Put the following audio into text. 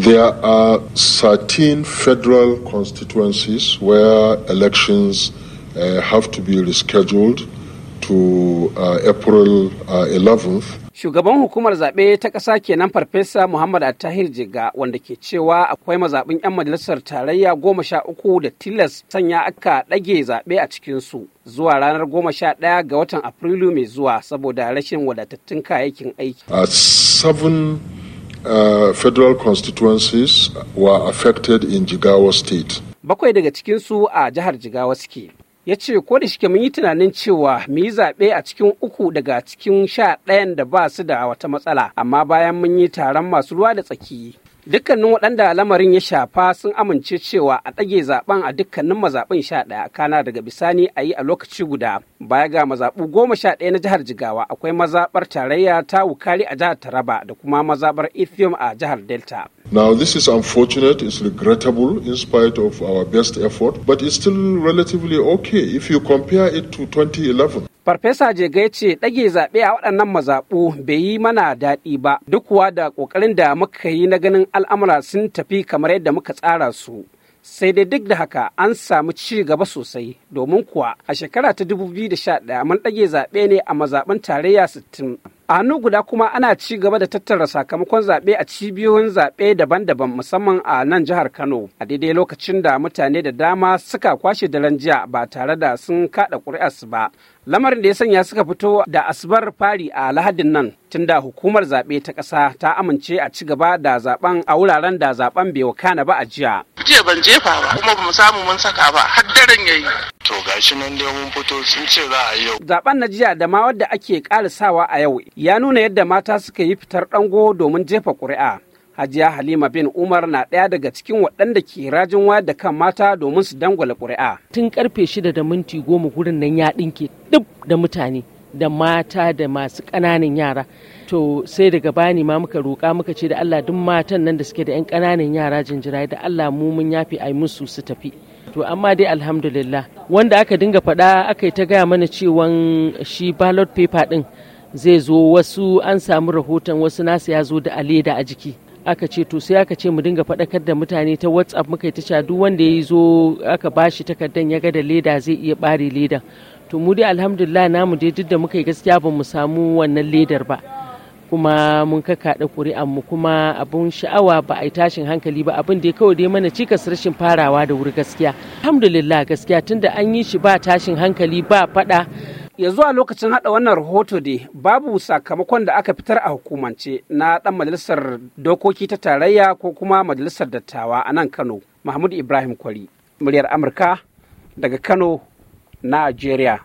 There are 13 federal constituencies where elections uh, have to be rescheduled to uh, April uh, 11th. Shugaban hukumar zaɓe ta ƙasa kenan Farfesa Muhammad Attahir Jiga wanda ke cewa akwai mazaɓin 'yan majalisar tarayya goma sha uku da tilas sanya aka ɗage zaɓe a cikinsu zuwa ranar goma sha ɗaya ga watan Afrilu mai zuwa saboda rashin wadatattun kayayyakin aiki. A seven Uh, federal constituencies were affected in Jigawa state. Bakwai daga cikinsu a jihar Jigawa suke. Ya ce ko da shike mun yi tunanin cewa mu yi zaɓe a cikin uku daga cikin sha ɗayan da ba su da wata matsala, amma bayan mun yi taron masu ruwa da tsaki Dukkanin waɗanda lamarin ya shafa sun amince cewa a ɗage zaben a dukkanin mazaɓin sha ɗaya kana daga bisani a yi a lokaci guda. Baya ga mazaɓu goma sha ɗaya na jihar Jigawa akwai mazaɓar tarayya ta wukari a jihar Taraba da kuma mazaɓar Ethium a jihar Delta. Now this is unfortunate, it's regrettable in spite of our best effort, but it's still relatively okay if you compare it to 2011. Farfesa Jega ce ɗage zaɓe a waɗannan mazaɓu bai yi mana daɗi ba duk kuwa da ƙoƙarin da muka yi na ganin al'amura sun tafi kamar yadda muka tsara su. sai dai duk da haka an samu ci gaba sosai domin kuwa a shekara ta 2011 mun ɗage zaɓe ne a mazaɓin tarayya 60 a hannu guda kuma ana ci gaba da tattara sakamakon zaɓe a cibiyoyin zaɓe daban-daban musamman a nan jihar kano a daidai lokacin da mutane da dama suka kwashe daren jiya ba tare da sun kaɗa ƙuri'arsu ba lamarin da ya sanya suka fito da asubar fari a lahadin nan tun da hukumar zaɓe ta ƙasa ta amince a ci gaba da zaɓen a wuraren da zaɓen bai wakana ba a jiya jiya ban jefa ba kuma bamu samu mun saka ba har daren yayi to gashi nan dai mun fito sun ce za a yau zaben na jiya da ma wadda ake karisawa a yau ya nuna yadda mata suka yi fitar dango domin jefa ƙuri'a Hajiya Halima bin Umar na ɗaya daga cikin waɗanda ke rajin wayar da kan mata domin su dangwala ƙuri'a. Tun karfe shida da minti goma gurin nan ya ɗinke duk da mutane. da mata da masu ƙananan yara to sai daga bani ma muka roƙa muka ce da Allah duk matan nan da suke da 'yan ƙananan yara jinjirai da Allah mu mun yafi ai musu su tafi to amma dai alhamdulillah wanda aka dinga faɗa aka yi ta gaya mana cewan shi ballot paper din zai zo wasu an samu rahoton wasu nasu ya zo da aleda a jiki aka ce to sai aka ce mu dinga faɗakar da mutane ta whatsapp muka yi ta duk wanda ya zo aka bashi takardan ya ga da leda zai iya ɓare ledan to mu dai alhamdulillah namu dai duk da muka yi gaskiya ba mu samu wannan ledar ba kuma mun kakaɗa ƙuri'an mu kuma abun sha'awa ba a yi tashin hankali ba abin da ya kawai dai mana cikas rashin farawa da wuri gaskiya alhamdulillah gaskiya tunda an yi shi ba tashin hankali ba faɗa ya zuwa lokacin haɗa wannan rahoto dai babu sakamakon da aka fitar a hukumance na ɗan majalisar dokoki ta tarayya ko kuma majalisar dattawa a nan kano mahmud ibrahim kwari muryar amurka daga kano Nigeria.